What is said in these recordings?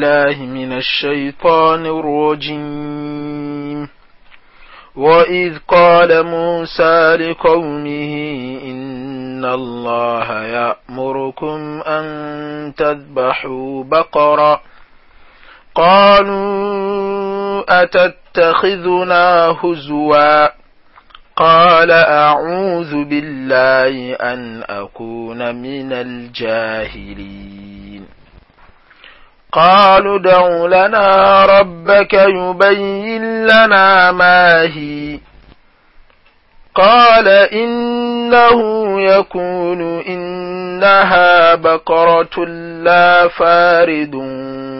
بالله من الشيطان الرجيم وإذ قال موسى لقومه إن الله يأمركم أن تذبحوا بقرة قالوا أتتخذنا هزوا قال أعوذ بالله أن أكون من الجاهلين قالوا دعوا لنا ربك يبين لنا ما هي قال إنه يكون إنها بقرة لا فارد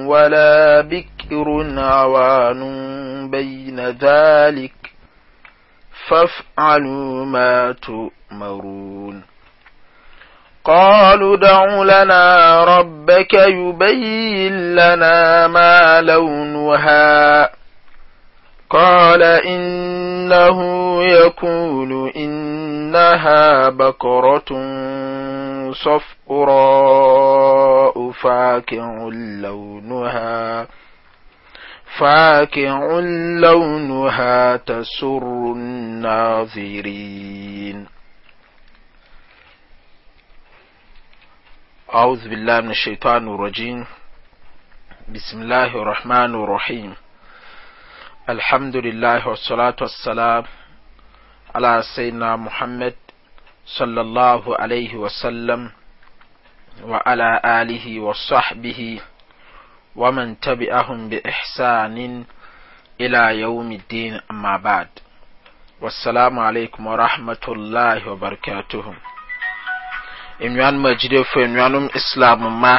ولا بكر عوان بين ذلك فافعلوا ما تؤمرون قالوا دع لنا ربك يبين لنا ما لونها قال إنه يقول إنها بقرة صفراء فاكع لونها فاكع لونها تسر الناظرين أعوذ بالله من الشيطان الرجيم بسم الله الرحمن الرحيم الحمد لله والصلاة والسلام على سيدنا محمد صلى الله عليه وسلم وعلى آله وصحبه ومن تبعهم بإحسان إلى يوم الدين أما بعد والسلام عليكم ورحمة الله وبركاته nnuanom agyidefo nnuanom islam ma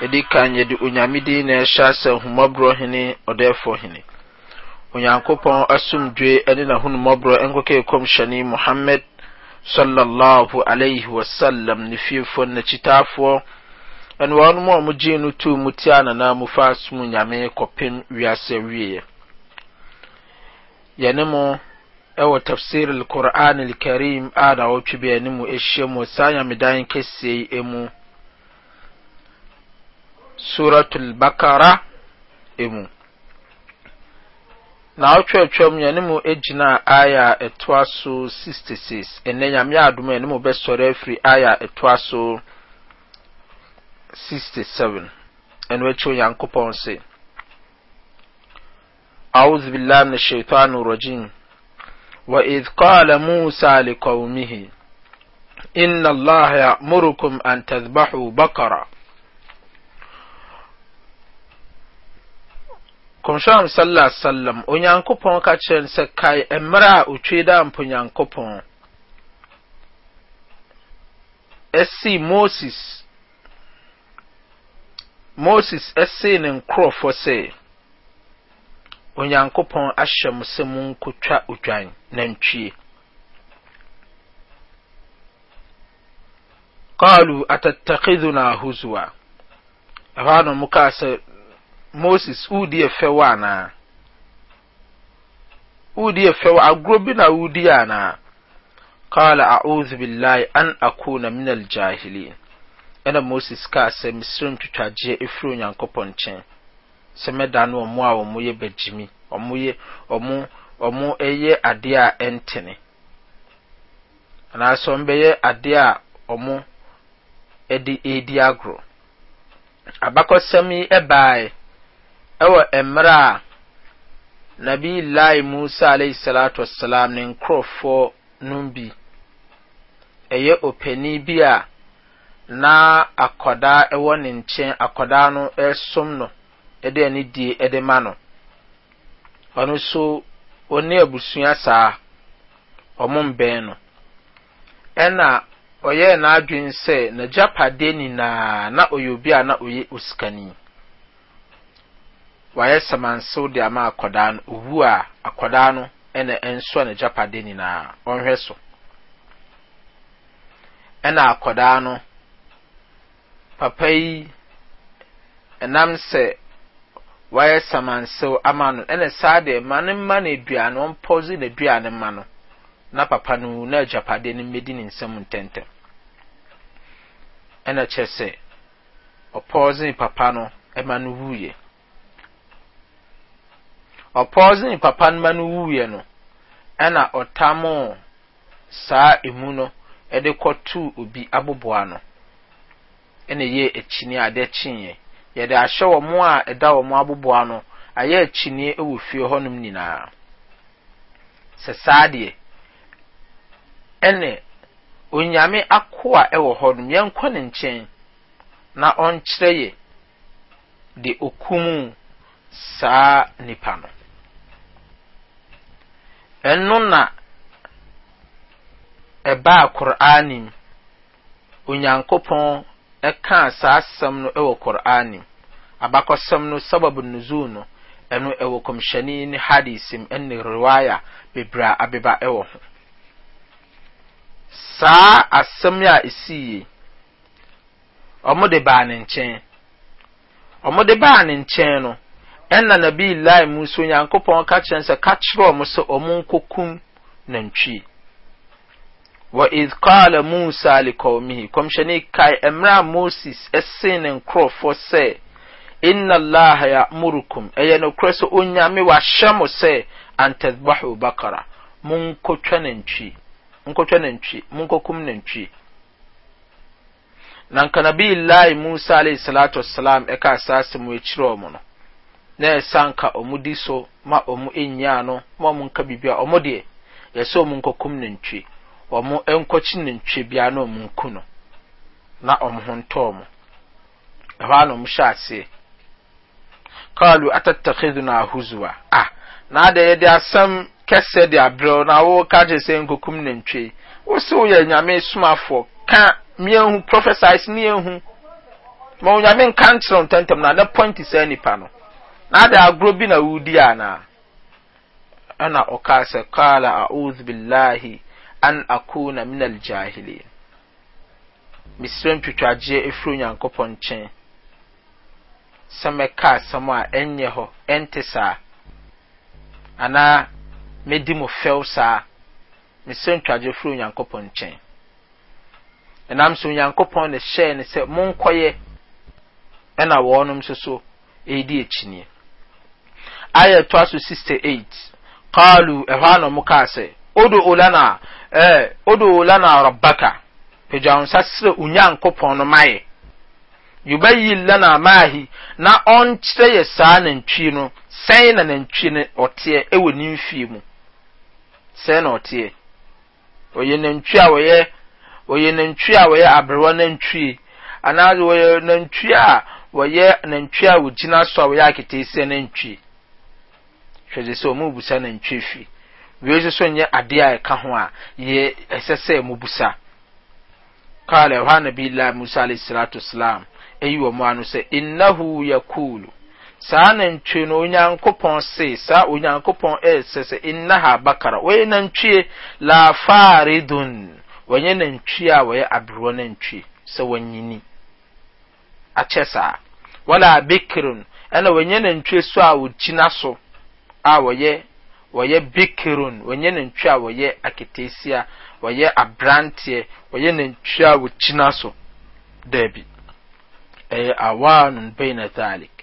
yɛde kan yɛde onyame din na ɛhyɛ sɛ ahomɔborɔ hene ɔdɛɛfo hene onyankopɔn asomdwe ne n'ahonomɔborɔ nkɔkɛ kɔmhyɛne muhammad sallallahu alaihi wasallam ne fiefo ne kyitaafoɔ ɛne wɔn a wɔgyee no tuu mu tia nana mu fa som nyame kɔpem wiase wieɛ yɛne mo ɛwɔ tafsir al-qur'an al-karim a dawɔtwe bi anim ahyia mu saa nyamedan kɛseɛ yi mu suratul bakara mu na ɔtwɛtwɛm yɛne mu gyina aya ɛtoa so 66 ɛnɛ nyame adom yɛne mu bɛsɔre afiri aya ɛtoa so 67 ɛno akyi onyankopɔn se أعوذ بالله من الشيطان الرجيم with kala musa lekawmih in allaha yaamurukum an tadbahoo bakara kɔmsɛam salela salem onyankopɔn ka kyerɛ ne sɛ kae ɛmerɛ a otwe dampo nyankopɔn semosesmoses see nenkorɔ fɔ sɛ onyankopɔn ahyɛ mo sɛ monkɔtwa odwan na ntwie قالوا أتتخذنا هزوا هذا مكاس موسس ودي فوانا ودي فو أقربنا ودي أنا قال أعوذ بالله أن أكون من الجاهلين أنا موسس كاس مسرم تتاجي إفرون ينكو sɛ no ɔmo a ɔmo yɛ bagyimi ɔmo yɛ ɔmo ɔmo e ɛyɛ adeɛ a ɛntene anaasɛ ɔmo bɛyɛ adeɛ a ɔmo ɛde ɛredi agorɔ abakɔsɛm yi ɛbaeɛ ɛwɔ mmerɛ a nabi lai musa alayhi salatu wasalam ne nkurɔfoɔ nom bi ɛyɛ opani bi a na akɔdaa ɛwɔ ne nkyɛn akɔdaa no ɛsom no ɛde ani die ɛde ma no ɔno nso ɔne abusua saa ɔmo mbɛn no ɛna ɔyɛɛ n'adwene sɛ n'agyapadeɛ nyinaa na ɔyɛ obi a na ɔyɛ osikani wayɛ samansew de ama akɔdaa no owu a akɔdaa no ɛna ɛnsoa n'agyapadeɛ nyinaa ɔnhwɛ so ɛna akɔdaa no papa yi ɛnam sɛ wayɛ samansew ama no ɛna saa deɛ ma ne mma no aduane ɔmpɔze aduane ma no na papa no na agyapadeɛ no mmɛdi ne nsam ntɛntɛm ɛna kyerɛ sɛ ɔpɔɔze papa no ɛma no wuiɛ ɔpɔɔze papa no ma no wuiɛ no ɛna ɔtamoo saa emu no ɛde obi aboboa no ɛna yɛde ahyɛ wɔ a ɛda wɔ mo aboboa no ayɛ kyiniiɛ wɔ fie hɔnom nyinaa sɛ saa deɛ ɛne onyame akoa ɛwɔ hɔnom yɛnkɔ ne nkyɛn na ɔnkyerɛ yɛ de okumu saa nipa no ɛno na ɛbaa kor'anim onyankopɔn ɛkaa saa asɛm no ɛwɔ qur'ane abakɔsɛm no sababu nuzul no ɛno ɛwɔ kɔmhyɛne ne hadisim ɛne riwaya bebree abeba ɛwɔ ho saa asɛm a ɛsiiye ɔmo de baa ne nkyɛn ɔmo de baa ne nkyɛn no ɛna nabi lai musu nyankopɔn ka kyerɛ sɛ ka kyerɛ ɔmo sɛ ɔmo nkokum nantwie with kal musa le kawmihi kɔmhyɛ ne kae ɛmmerɛ a moses sen ne nkurɔfoɔ sɛ inna llaha yaamorokum ɛyɛ nokorɛ sɛ onnyame wahyɛ mɔ sɛ antɛdhbaho bakara nkotwa nantwe mo nkkm nntwe nanka nabiillahi mosa alihi ssalatuwassalam ɛka asaase mo akyirewɔ mo no na ɛsanka ɔmodi so ma ɔmo ɛnyiaa no ma ɔmo nka biribia ɔmo deɛ yɛsɛ mo nkɔkum nantwe wɔn nkɔkyi ne ntwebea na wɔn nku no na wɔn ho ntɔɔ mo ɛhɔ a na wɔn hyɛ aseɛ kaalu atatakiduna ahuzua a ah, na ada yɛde asɛm kɛsɛ de abrɛw na wɔn ka kyerɛ sɛ nkokum ne ntwe wosi woyɛ nyame somafoɔ ka mmienu prophesize mmienu ma onyame nka nkyerɛ ntɛntɛm na ne point sɛ nipa no na ada agorɔ bi na wodi anaa ɛna ɔkaa sɛ kaala a'udhu billahi an akuna min aljahilin mesrɛ ntwitwagyeɛ ɛfiri onyankopɔn nkyɛn sɛ mɛka asɛm a ɛnyɛ hɔ ɛnte saa anaa medi mu fɛw saa mesrɛ ntwagyeɛ ɛfiri onyankopɔn nkyɛn ɛnam so onyankopɔn ne hyɛɛ ne sɛ monkɔyɛ ɛna wɔn nso so ɛredi akyinie ayɛ toa so 68 qalu ɛhɔ a na ɔmo kaa sɛ Eh, odo lana eh odo lana rabbaka pagya nsa srɛ onyankopɔn no ma yubayi lana na ɔnkyerɛ saa no na nantwie no ɔteɛ ɛwɔ ne mfie mu na ɔteɛ ɔyɛ nantwie a wɔyɛ wɔyɛ nantwie a a na nantwie a so a wei nso nyɛ adeɛ a ɛka ho a yɛ ɛsɛ sɛ mubusa kala ɛhɔ anabilah musa alayhi salatu salam ɛyi wɔ mu ano sɛ innahu yakulu saa nantwie no onyankopɔn se saa onyankopɔn ɛsɛ e sɛ innaha bakara wɔyɛ nantwie la faridun wɔnyɛ nantwie a wɔyɛ aberɔ nantwie sɛ wɔnyini akyɛ saa wala bikirun ɛna wɔnyɛ nantwie so a wɔgyina so a wɔyɛ wɔyɛ bikirun wɔnyɛ nantwi a wɔyɛ aketesia wɔyɛ abranteɛ wɔyɛ nantwi a wɔkyina so daabi ɛyɛ awaanun bɛyina thalik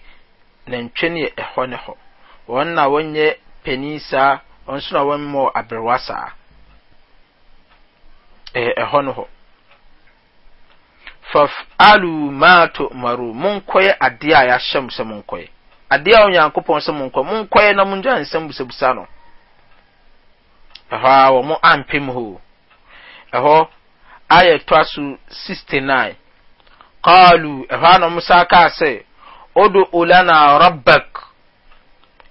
nantwi no yɛ ɛhɔ ne hɔ wɔn na wɔnyɛ panin saa wɔn nso na wɔmmɔ aberewa saa ɛyɛ ɛhɔ ne hɔ faf'alu ma tu'maru mun koyɛ adeɛ a yɛahyɛ mo sɛ monkɔyɛ adeɛ a onyankopɔn sɛ monkɔ monkɔyɛ na mongya nsɛm busabusa no ɛhɔ a wɔn ampem hɔ ɛhɔ ayɛ toa so sixty nine kaalu ɛhɔ a na wɔn sa kaa sɛ odo olana rabbak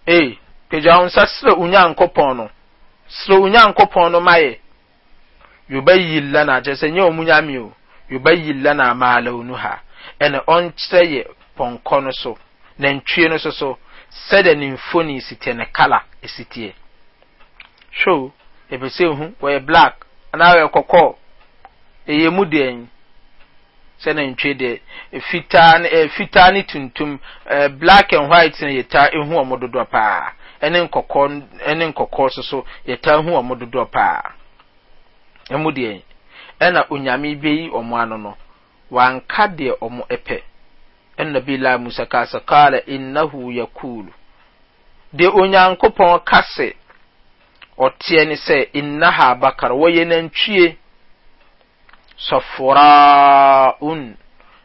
ee pagya wɔn nsa srɛ onyankopɔn no srɛ onyankopɔn no ma yɛ yoba yi lana kyerɛ sɛ nyɛ wɔn nyame o yoba yi lana maala onu ha ɛna ɔnkyerɛ yɛ pɔnkɔ no so nantwie no so so sɛdeɛ ne mfoni si teɛ ne kala si teɛ ebese hu wɔyɛ black anaa wɔyɛ kɔkɔɔ ɛyɛ mu deɛn sɛnɛ ntwe deɛ fitaa ne ɛɛ ne tuntum ɛɛ black and white no yɛ taa ehu wɔn dodoɔ paa ɛne nkɔkɔɔ ɛne nkɔkɔɔ soso yɛ taa hu wɔn dodoɔ paa ɛmu deɛn ɛna onyame bɛyi wɔn ano no wanka deɛ wɔn ɛpɛ ɛna bi la musa kaasa kaala innahu yakulu deɛ onyankopɔn kase. ɔteɛ ne sɛ innaha bakar wɔyɛ nantwie sɔforaun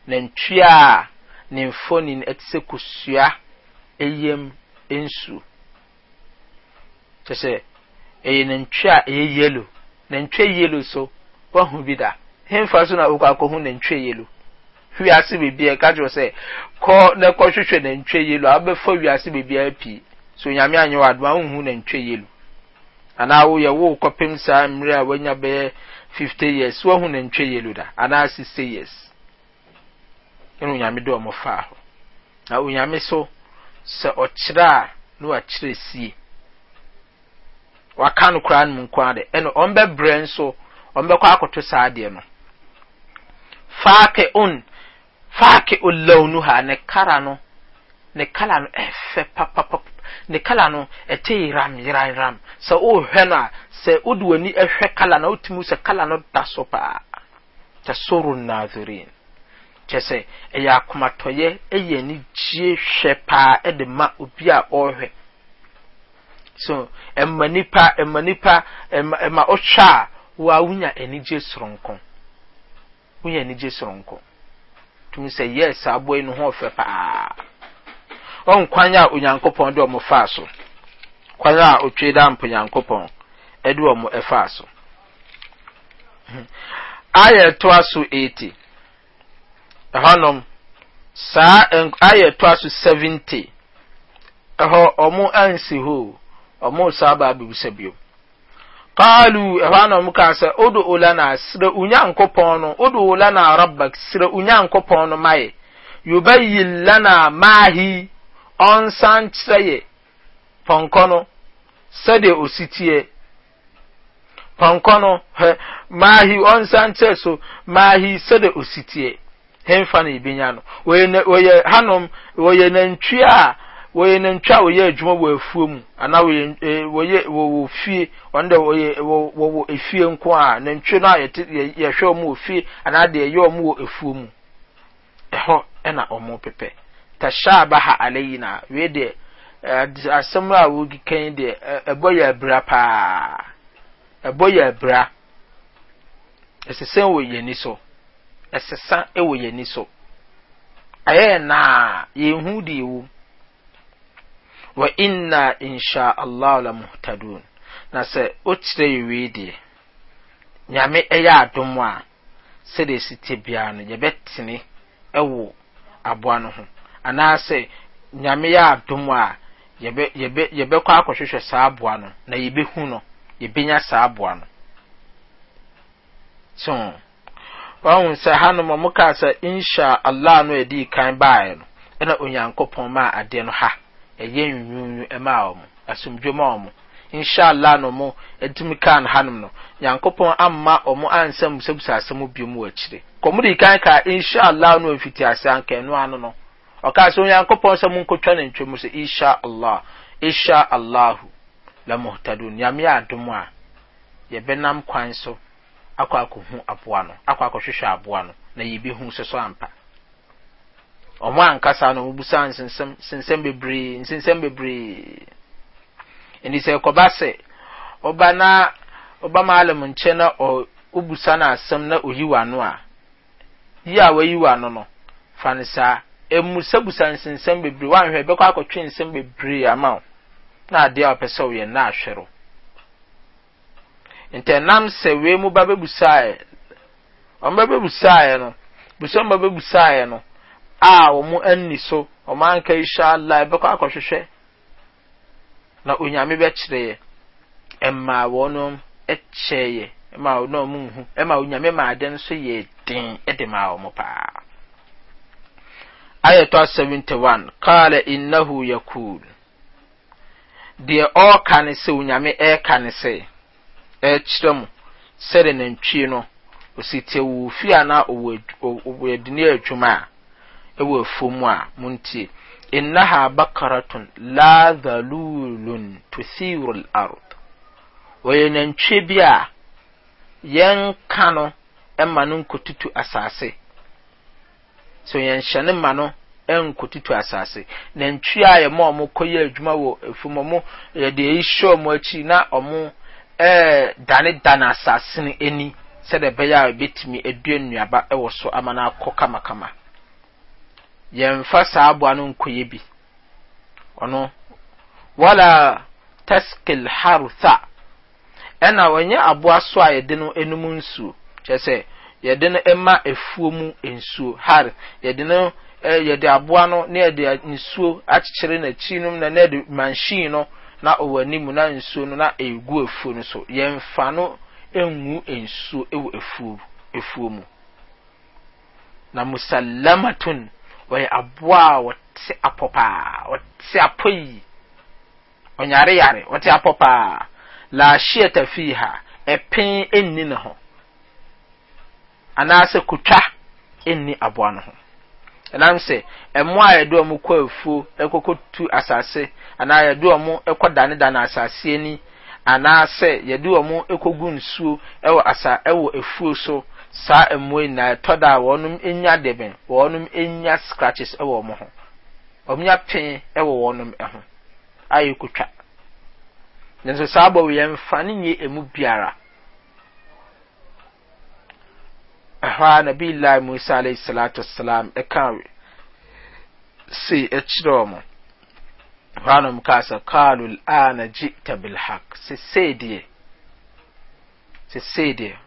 nantwie a ne mfonin ɛte sɛ kosua ɛyam nsu kyɛ sɛ ɛyɛ nantwie a ɛyɛ yelo nantwie yelo so wahu bi da hemfa so na wokɔ akɔhu nantwie yelo wiase beebi ɛka kyerɛ sɛ kɔ na kɔhwehwɛ nantwie yelo abɛfa wiase beebi pii so nyame anyɛ wɔ adoma wohu nantwie yelo anaa woyɛ wo kɔpem saa mmerɛ a wanya bɛyɛ 50 years woahu na ntwa yɛlo da anaa 60 years ɛne onyame dɛ ɔmo faa hɔ na onyame so sɛ ɔkyerɛ a na wakyerɛ sie waka no koraa nom nko ade ɛna ɔmbɛbrɛ nso ɔmbɛkɔ akɔto saa adeɛ no faake on faake olawnu ha ne kara no ne kala no ɛfɛ papapapa ne kala no ɛte yiram yiram sɛ wohwɛ no a sɛ wode w'ani ɛhwɛ kala na wotumi sɛ kala no da so paa tasoro nazirin kyɛ sɛ ɛyɛ akomatɔyɛ ɛyɛ ani gyie hwɛ paa ɛde ma obi a ɔrehwɛ so ɛma nipa ɛma nipa ɛma ɛma ɔhwɛ a wa wonya anigye soronko wonya anigye soronko tumi sɛ yɛ saa aboa yi no ho ɔfɛ paa. ɔn kwan a onyankopɔn de ɔmo faa so kwan a otwe da mpo nyankopɔn so hmm. ayɛ toa so 80 saa ayɛ toa so 70 ɛhɔ ansi hoo ɔmo saa baa bibisa bio kaalu ɛhɔ na kaa sɛ odo ola na srɛ onyankopɔn no odo ola na srɛ onyankopɔn no mayɛ lana ɔnsan kyerɛ yɛ pɔnkɔ no sɛdeɛ osi teɛ pɔnkɔ no hɛ maahi ɔnsan so maahi sɛdeɛ osi teɛ hɛnfa na ebinya no wɔyɛ na wɔyɛ hanom wɔyɛ nantwi a wɔyɛ nantwi a wɔyɛ adwuma wɔ afuo mu anaa wɔyɛ ee wɔyɛ wɔwɔ fie ɔno wɔyɛ a nantwi no a yɛte yɛ yɛhwɛ wɔn wɔ fie anaa deɛ ɛyɛ wɔn wɔ afuo mu ɛhɔ tashabaha alaina wei de eh, asɛm a wogi kan de eh, ɛbɔ yɛ abira paa ɛbɔ yɛ abira ɛsesa wɔ yɛni so ɛsesa wɔ yɛni so ayɛ naa yɛnhu deɛ ɛwɔ wa inna insha allah la muhtadun na sɛ okyerɛ yɛ wei deɛ nyame ɛyɛ adom a sɛdeɛ site te biara no yɛbɛtene ɛwɔ aboa no ho anaasɛ nyame yɛ adom a yɛbɛkɔ akɔhwehwɛ saa aboa no na yɛbɛhu no yɛbɛnya saa aboa no so ɔhu sɛ hanom a mokaa sɛ insha allah no ɛdii kan baeɛ no ɛna onyankopɔn maa adeɛ no ha ɛyɛ nwunwunwu ɛmaa wɔ mo asomdwom a wɔ mo no mo ɛtumi kaa no hanom no nyankopɔn ɔmo musabusa asɛm wɔ akyire kan kaa no fiti ase ano no ɔkaa sɛ onyankopɔn sɛ monkɔtwa ne ntwam sɛ isha allah insha allahu la muhtadun nyame adom a yɛbɛnam kwan so akɔ akɔhu aboa no akɔ akɔhwehwɛ aboa no na yɛbɛhu sɛ so ampa ɔmo ankasa no ɔmobusa nsensɛm nsensɛm bebree nsensɛm bebree ɛni sɛ ɛkɔba sɛ ɔba na ɔba maalam nkyɛn na ɔ ɔbusa no asɛm na oyi wa no a yi a wayi wa no no fa no saa emusabusa nsensan bebree wanhwɛ bɛkɔ akɔtwe nsɛm bebree ama wo na ade a sɛ na ahwɛ ro ntɛnam sɛ wei mu ba no ba no a wɔn ani so wɔn anka ala akɔhwehwɛ na onyame bɛkyerɛ yɛ mmaa wɔnom kyɛɛ yɛ mmaa wɔnom nhu mmaa onyame maa adeɛ nso yɛ den ayɛ tɔ 71 kala innahu yakul deɛ ɔreka ne se onyame kan ne e ɛkyerɛ mu sɛde nantwie no osi tie fi ana ɔwɔ adini adwuma a ɛwɔ afom a munti innaha bakaratun la dhalulun tuthiru al-ard wɔyɛ nantwi bi a yɛnka no ɛma no nkotutu asase so yɛnhyɛ ne ma no nkotutu asase na ntwi a yɛma ɔmo kɔyɛ adwuma wɔ efum ɔmo yɛde eyi hyɛ ɔmo akyi na ɔmo ɛɛ dane dane asase no ani sɛdeɛ ɛbɛyɛ a ebetumi edua nnuaba ɛwɔ so ama no akɔ kamakama yɛnfa saa aboa no nkɔyɛ bi ɔno wala taskil harutha ɛna wɔnyɛ aboa so a yɛde no enum nsuo kyerɛ sɛ yɛde no ma efuo mu nsuo har yɛde no yɛde aboa no na yɛde nsuo akyekyere n'akyi no na yɛde machine no na ɔwɔ anim na nsuo no na egu efuo no so yɛmfa no ngu nsuo wɔ efuo efuo mu na musallamatun wɔyɛ aboa a wɔte apɔ paa wɔte apɔ yi ɔnyareyare wɔte apɔ paa laahyia tafi ha ɛpɛn nni ne ho. anaasɛ kutwa nni aboa no ho ɛnam sɛ ɛmmoa a yɛde ɔmo kɔ afuo ɛkɔkɔtu asase anaa yɛde ɔmo ɛkɔ danedane asase ani anaasɛ yɛde ɔmo ɛkɔgu nsuo ɛwɔ asa ɛwɔ afuo so saa mmoa nyinaa ɛtɔ da a wɔnom enya dɛbɛn wɔnom enya scratches ɛwɔ ɔmo ho ɔmo nya pee ɛwɔ wɔnom ho a yɛkotwa nanso saa abɔ yɛmfa ne nye emu biara ɛhɔ a nabi lai musa alayhi salatu wasalam ɛka se ɛkyerɛ wɔn ɛhɔ a nom kaa sɛ kaalu ana gye tabil hak sesee deɛ sesee deɛ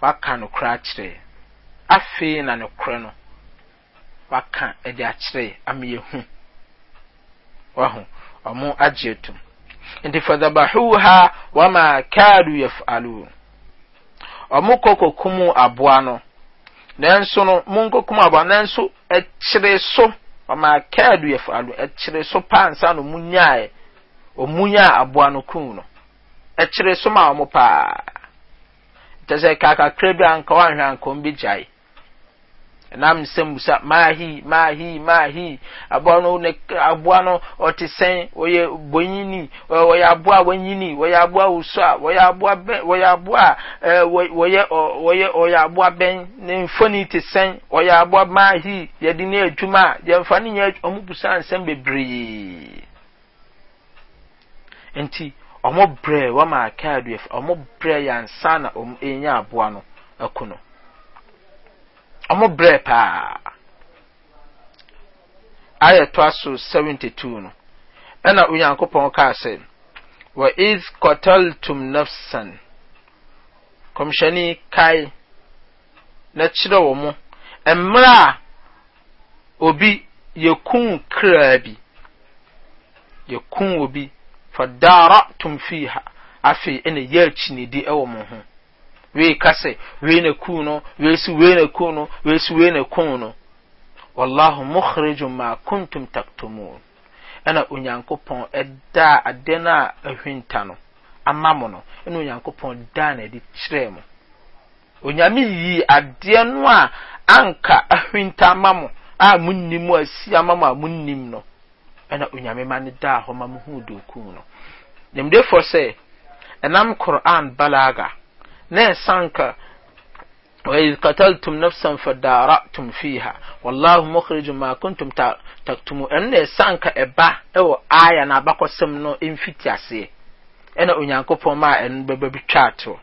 waka no kora kyerɛ afei na no kora no waka ɛde akyerɛ ama yɛhu wɔho ɔmo agye tom nti fadabahuha wama kaadu yɛfaluu ɔmo kɔ kɔkum aboa no nanso no mo nkɔkum aboa nanso ɛkyerɛ so ɔmo akaadu yɛ faalo ɛkyerɛ so pansa no mo nyaɛ ɔmo nyaa aboa no kum no ɛkyerɛ so ma ɔmo paa nkyɛ sɛ kakakra bi anka wɔanhwɛ anka ɔmo bi gyae nam sɛ musa maahi maahi maahi aboa no ne aboa no ɔte sɛn ɔyɛ bonyini ɔyɛ aboa wɔnyini ɔyɛ aboa wosua ɔyɛ aboa bɛn ɔyɛ aboa ɛɛ eh, wɔyɛ ɔyɛ ɔyɛ aboa bɛn ne mfoni te sɛn ɔyɛ aboa maahi yɛde ne adwuma yɛmfa ne nyɛ ɔmo busa nsɛm bebree nti ɔmo brɛ wɔn a kaa ɔmo brɛ yansa ɔmo enya aboa no ɛko e no ɔmo brɛ paa ayɛ toa so 72 no ɛna onyankopɔn kaa sɛ wa is kɔtɔltum nafsan kɔmhyɛni kae na kyerɛ wɔ mo mmerɛ a obi yɛkum kraa bi yɛkum obi fa dara tum fi ha afei ɛna yɛakyinidi ɛwɔ mo ho wee kase wee na ku no wei si wee na ku no wei si wei na ku no wallahu mukhrijum ma kuntum taktumun ɛna onyankopɔn ɛdaa adan a ahwinta no ama mo no ɛna onyankopɔn daa na ɛde kyerɛɛ mo onyame yii adeɛ no a anka ahwinta ama mo a munnim mu asi ama mo a munnim no ɛna onyame ma no daa hɔ ma mo huu doku no nimdefoɔ sɛ ɛnam koran balaga na ɛsan ka وإذ قتلتم نفسا فدارأتم فيها والله مخرج ما كنتم تكتمون ɛno na ɛsan ka ɛba ɛwɔ aya na abakɔsɛm no mfiti aseɛ ɛna onyankopɔn ma ɛno bɛba bi twaato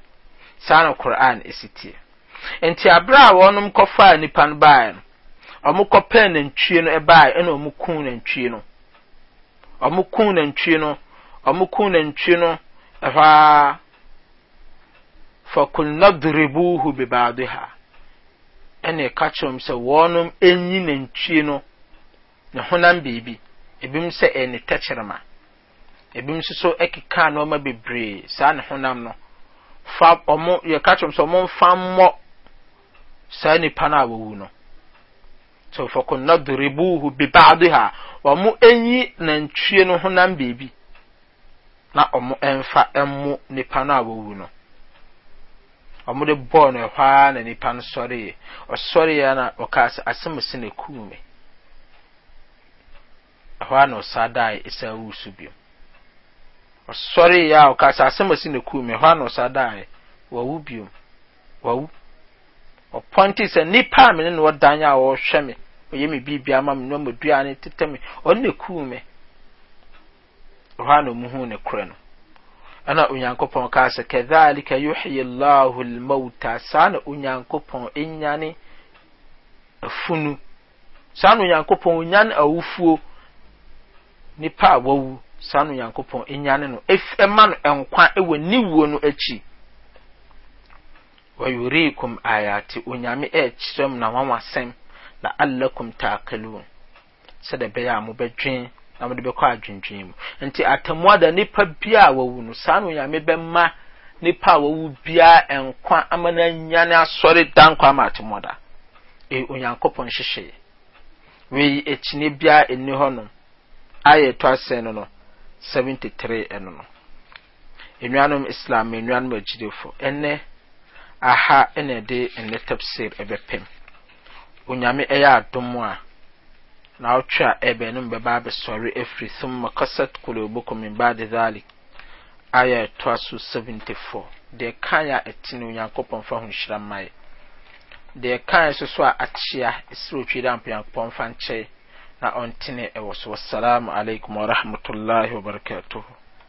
saa na koran ɛsitie nti abere a wɔnom nipa no baeɛ no ɔmo kɔpɛɛ nantwie no ɛbaeɛ ɛna ɔmo kun nantwie no ɔmo kun nantwie no ɔmo kun nantwie no ɛhɔ fakulna dribuhu bibadiha ɛna ɛka kyerɛm sɛ wɔnom ɛnyi nantwie no ne honam biribi ebinom sɛ ɛyɛ ne tɛkyerɛma ebinom nso so ɛkeka nneɛma bebree saa ne honam no fa ɔmo yɛka kyerɛm sɛ ɔmo mfa mmɔ saa nipa no a wɔwu no so fakulna dribuhu bibadiha ɔmo ɛnyi nantwie no honam biribi na ɔmo ɛmfa ɛmmo nipa no a wɔwu no ɔmo de bɔɔl no ɛhɔ na nipa no sɔreeɛ ɔsɔreeɛ na ɔkaa sɛ asɛm si na kum me ɛhɔ na ɔsa daeɛ ɛsan wu so bio ɔsɔreeɛ a ɔkaa sɛ asɛm si na kum me ɛhɔ na ɔsa daeɛ wawu bio wawu ɔpɔnte sɛ nipa a mene na ɔdan a ɔrehwɛ me ɔyɛ me biribi ama me na ɔmo dua ne tetɛ me ɔno na kum me ɛhɔ na ɔmo hu ne korɛ no ana onyankopɔn kaa sɛ kadhalika yuhyi llahu lmauta saa na onyankopɔn ɛnyane afunu saa na onyankopɔn onyane awufuo nipa a wawu saa na onyankopɔn ɛnyane no ɛma no ɛnkwa ɛwɔ ne wuo no akyi wayurikum ayati onyame ɛɛkyerɛ mu na wanwasɛm la'allakum taakalun sɛdeɛ ɛbɛyɛ a mobɛdwen na mede bɛkɔ adwendwen mu nti da nipa bia a wawu no saa na onyame bɛma nipa a wawu biara nkwa ama no anyane asɔre da nkwa ama atammuada e onyankopɔn hyehyɛe wei akyini biara ɛnni hɔ nom ayɛ ɛtɔ asɛn no no three ɛno no nnuanom islam nnuanom agyidefo ɛnɛ aha ɛna ɛde ɛnɛ tafsir ɛbɛpem onyame ɛyɛ adom a na ɔtwe a ɛbɛnum bɛba abɛsɔre afiri thumma kasat kulubukum min ba'di dhalik aya ɛtoa so 74 deɛ kan a ɛte no onyankopɔn fa ho nhyira mmae deɛ kae so so a akyea ɛsere otwi dɛ ampa fa nkyɛe na ɔntene ɛwɔ so wassalamu alaikum warahmatullahi wabarakatuhu